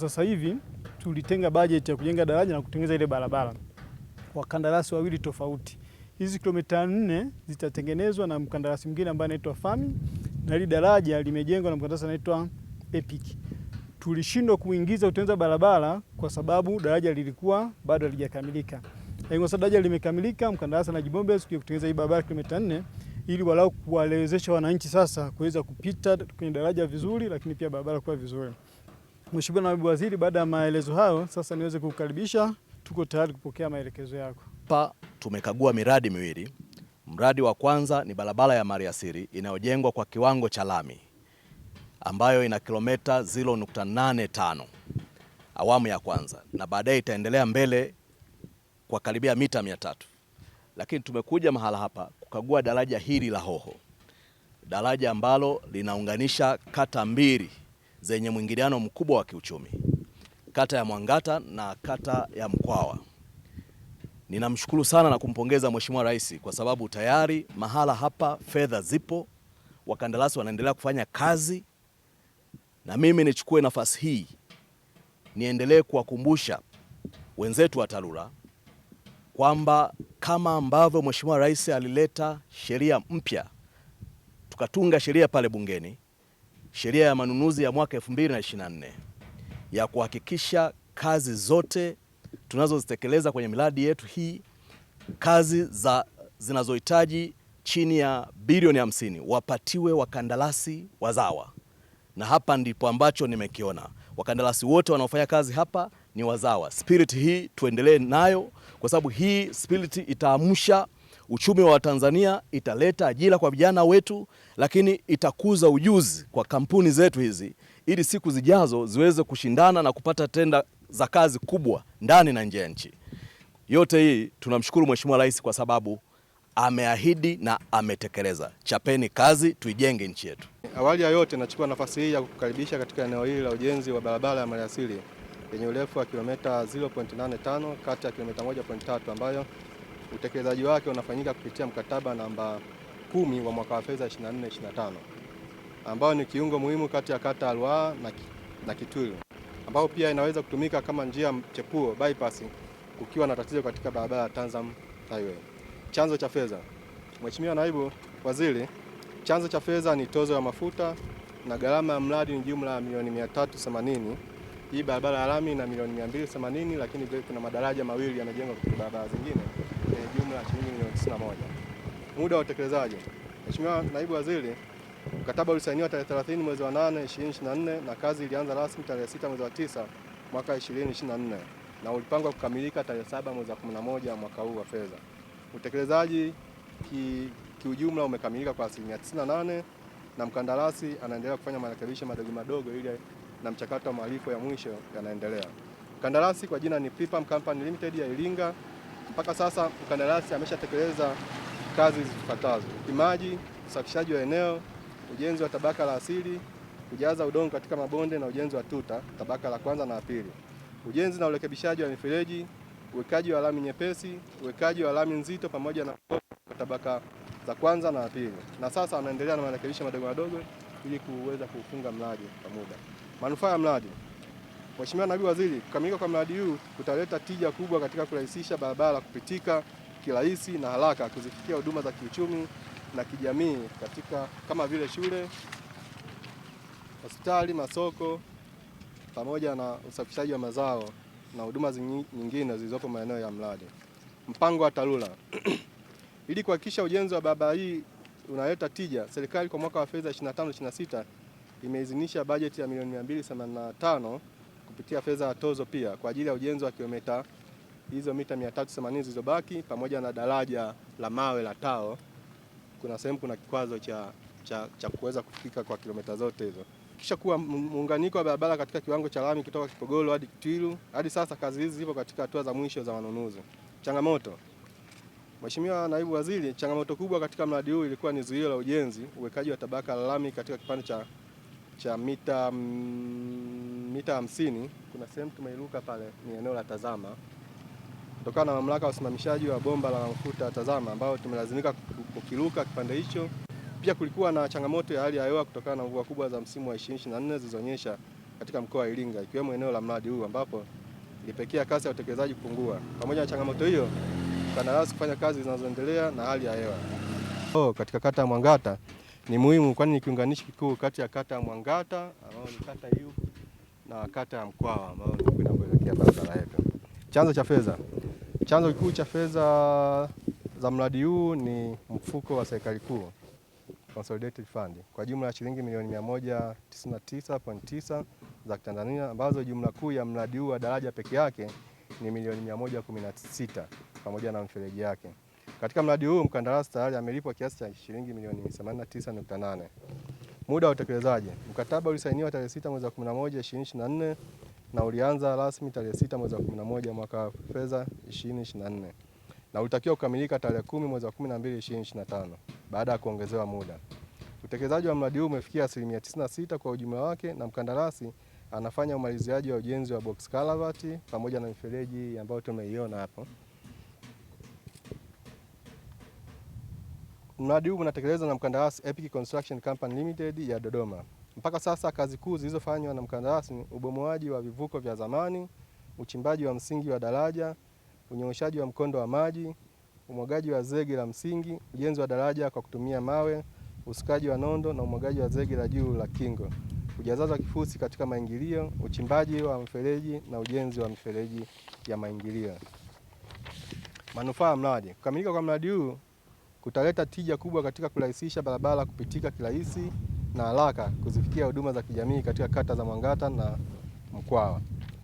Sasa hivi tulitenga bajeti ya kujenga daraja na kutengeneza ile barabara kwa kandarasi wawili tofauti. Hizi kilomita nne zitatengenezwa na mkandarasi mwingine ambaye anaitwa Fami na ile daraja limejengwa na mkandarasi anaitwa Epic. Tulishindwa kuingiza utengeneza barabara kwa sababu daraja lilikuwa bado halijakamilika. Lakini sasa daraja limekamilika, mkandarasi na jibombe siku kutengeneza hii barabara kilomita nne ili walau kuwawezesha wananchi sasa kuweza kupita kwenye daraja vizuri, lakini pia barabara kuwa vizuri. Mheshimiwa Naibu Waziri, baada ya maelezo hayo, sasa niweze kukukaribisha. Tuko tayari kupokea maelekezo yako. Pa, tumekagua miradi miwili. Mradi wa kwanza ni barabara ya Maliasili inayojengwa kwa kiwango cha lami ambayo ina kilomita 0.85 awamu ya kwanza, na baadaye itaendelea mbele kwa karibia mita 300. Lakini tumekuja mahala hapa kukagua daraja hili la Hoho, daraja ambalo linaunganisha kata mbili zenye mwingiliano mkubwa wa kiuchumi, kata ya Mwangata na kata ya Mkwawa. Ninamshukuru sana na kumpongeza Mheshimiwa Rais kwa sababu tayari mahala hapa fedha zipo, wakandarasi wanaendelea kufanya kazi, na mimi nichukue nafasi hii niendelee kuwakumbusha wenzetu wa TARURA kwamba kama ambavyo Mheshimiwa Rais alileta sheria mpya tukatunga sheria pale bungeni, sheria ya manunuzi ya mwaka 2024 ya kuhakikisha kazi zote tunazozitekeleza kwenye miradi yetu hii, kazi za zinazohitaji chini ya bilioni hamsini wapatiwe wakandarasi wazawa, na hapa ndipo ambacho nimekiona wakandarasi wote wanaofanya kazi hapa ni wazawa. Spirit hii tuendelee nayo, kwa sababu hii spirit itaamsha uchumi wa Tanzania, italeta ajira kwa vijana wetu, lakini itakuza ujuzi kwa kampuni zetu hizi ili siku zijazo ziweze kushindana na kupata tenda za kazi kubwa ndani na nje ya nchi. Yote hii tunamshukuru Mheshimiwa Rais kwa sababu ameahidi na ametekeleza. Chapeni kazi, tuijenge nchi yetu. Awali ya yote, nachukua nafasi hii ya kukaribisha katika eneo hili la ujenzi wa barabara ya maliasili yenye urefu wa kilomita 0.85 kati ya kilomita 1.3 ambayo utekelezaji wake unafanyika kupitia mkataba namba kumi wa mwaka wa fedha 24/25 ambao ni kiungo muhimu kati ya kata Ruaha na, na Kitwiru ambao pia inaweza kutumika kama njia mchepuo bypass kukiwa na tatizo katika barabara ya Tanzam Highway. Chanzo cha fedha. Mheshimiwa Naibu Waziri, chanzo cha fedha ni tozo ya mafuta na gharama ya mradi ni jumla ya milioni 380. Hii barabara ya lami na milioni 280, lakini kuna madaraja mawili yamejengwa kwenye barabara zingine jumla ya shilingi milioni 91. Muda wa utekelezaji. Mheshimiwa Naibu Waziri, mkataba ulisainiwa tarehe 30 mwezi wa 8 2024 na kazi ilianza rasmi tarehe 6 mwezi wa 9 mwaka 2024 na ulipangwa kukamilika tarehe 7 mwezi wa 11 mwaka huu wa fedha. Utekelezaji kiujumla ki umekamilika kwa asilimia 98 na mkandarasi anaendelea kufanya marekebisho madogo madogo ili na mchakato wa malipo ya mwisho yanaendelea. Mkandarasi kwa jina ni Pripam Company Limited ya Iringa mpaka sasa mkandarasi ameshatekeleza kazi zifuatazo: upimaji, usafishaji wa eneo, ujenzi wa tabaka la asili, kujaza udongo katika mabonde na ujenzi wa tuta tabaka la kwanza na la pili, ujenzi na urekebishaji wa mifereji, uwekaji wa lami nyepesi, uwekaji wa lami nzito pamoja na tabaka za kwanza na la pili, na sasa anaendelea na marekebisho madogo madogo ili kuweza kuufunga mradi kwa muda. Manufaa ya mradi Mheshimiwa Naibu Waziri, kukamilika kwa mradi huu kutaleta tija kubwa katika kurahisisha barabara kupitika kirahisi na haraka kuzifikia huduma za kiuchumi na kijamii katika kama vile shule, hospitali, masoko pamoja na usafirishaji wa mazao na huduma nyingine zilizopo maeneo ya mradi. Mpango wa TARURA ili kuhakikisha ujenzi wa barabara hii unaleta tija, serikali kwa mwaka wa fedha 25/26 imeidhinisha bajeti ya milioni 285 kupitia fedha ya tozo pia kwa ajili ya ujenzi wa kilomita hizo mita 380 zilizobaki pamoja na daraja la mawe la Tao. Kuna sehemu kuna kikwazo cha, cha, cha kuweza kufika kwa kilomita zote hizo, kisha kuwa muunganiko wa barabara katika kiwango cha lami kutoka Kipogolo hadi Kitwiru. Hadi sasa kazi hizi zipo katika hatua za mwisho za manunuzi. Changamoto Mheshimiwa Naibu Waziri, changamoto kubwa katika mradi huu ilikuwa ni zuio la ujenzi, uwekaji wa tabaka la lami katika kipande cha cha mita mm, mita hamsini. Kuna sehemu tumeiruka pale, ni eneo la Tazama, kutokana na mamlaka ya usimamishaji wa bomba la mafuta Tazama ambao tumelazimika kukiruka kipande hicho. Pia kulikuwa na changamoto ya hali ya hewa kutokana na mvua kubwa za msimu wa 2024 zilizonyesha katika mkoa wa Iringa ikiwemo eneo la mradi huu ambapo ilipekea kasi ya utekelezaji kupungua. Pamoja na changamoto hiyo, kandarasi kufanya kazi zinazoendelea na hali ya hewa. Oh, katika kata ya Mwangata ni muhimu, kwani ni kiunganishi kikuu kati ya kata ya Mwangata ambayo ni kata hiyo na kata ya Mkwawa ambayo inakwenda kuelekea barabara yetu. Chanzo cha fedha, chanzo kikuu cha fedha za mradi huu ni mfuko wa serikali kuu Consolidated Fund kwa jumla ya shilingi milioni 199.9 za Tanzania ambazo jumla kuu ya mradi huu wa daraja peke yake ni milioni 116 pamoja na mfereji yake. Katika mradi huu mkandarasi tayari amelipwa kiasi cha shilingi milioni 89.8. Muda wa utekelezaji. Mkataba ulisainiwa tarehe 6 mwezi wa 11 2024 na ulianza rasmi tarehe 6 mwezi wa 11 mwaka fedha 2024 na ulitakiwa kukamilika tarehe 10 mwezi wa 12 2025 baada ya kuongezewa muda. Utekelezaji wa mradi huu umefikia asilimia 96 kwa ujumla wake na mkandarasi anafanya umaliziaji wa ujenzi wa box culvert pamoja na mifereji ambayo tumeiona hapo. Mradi huu unatekelezwa na mkandarasi Epic Construction Company Limited ya Dodoma. Mpaka sasa kazi kuu zilizofanywa na mkandarasi ni ubomoaji wa vivuko vya zamani, uchimbaji wa msingi wa daraja, unyooshaji wa mkondo wa maji, umwagaji wa zege la msingi, ujenzi wa daraja kwa kutumia mawe, usukaji wa nondo na umwagaji wa zege la juu la kingo, ujazaji wa kifusi katika maingilio, uchimbaji wa mfereji na ujenzi wa mifereji ya maingilio. Manufaa ya mradi: kukamilika kwa mradi huu kutaleta tija kubwa katika kurahisisha barabara kupitika kirahisi na haraka kuzifikia huduma za kijamii katika kata za Mwangata na Mkwawa.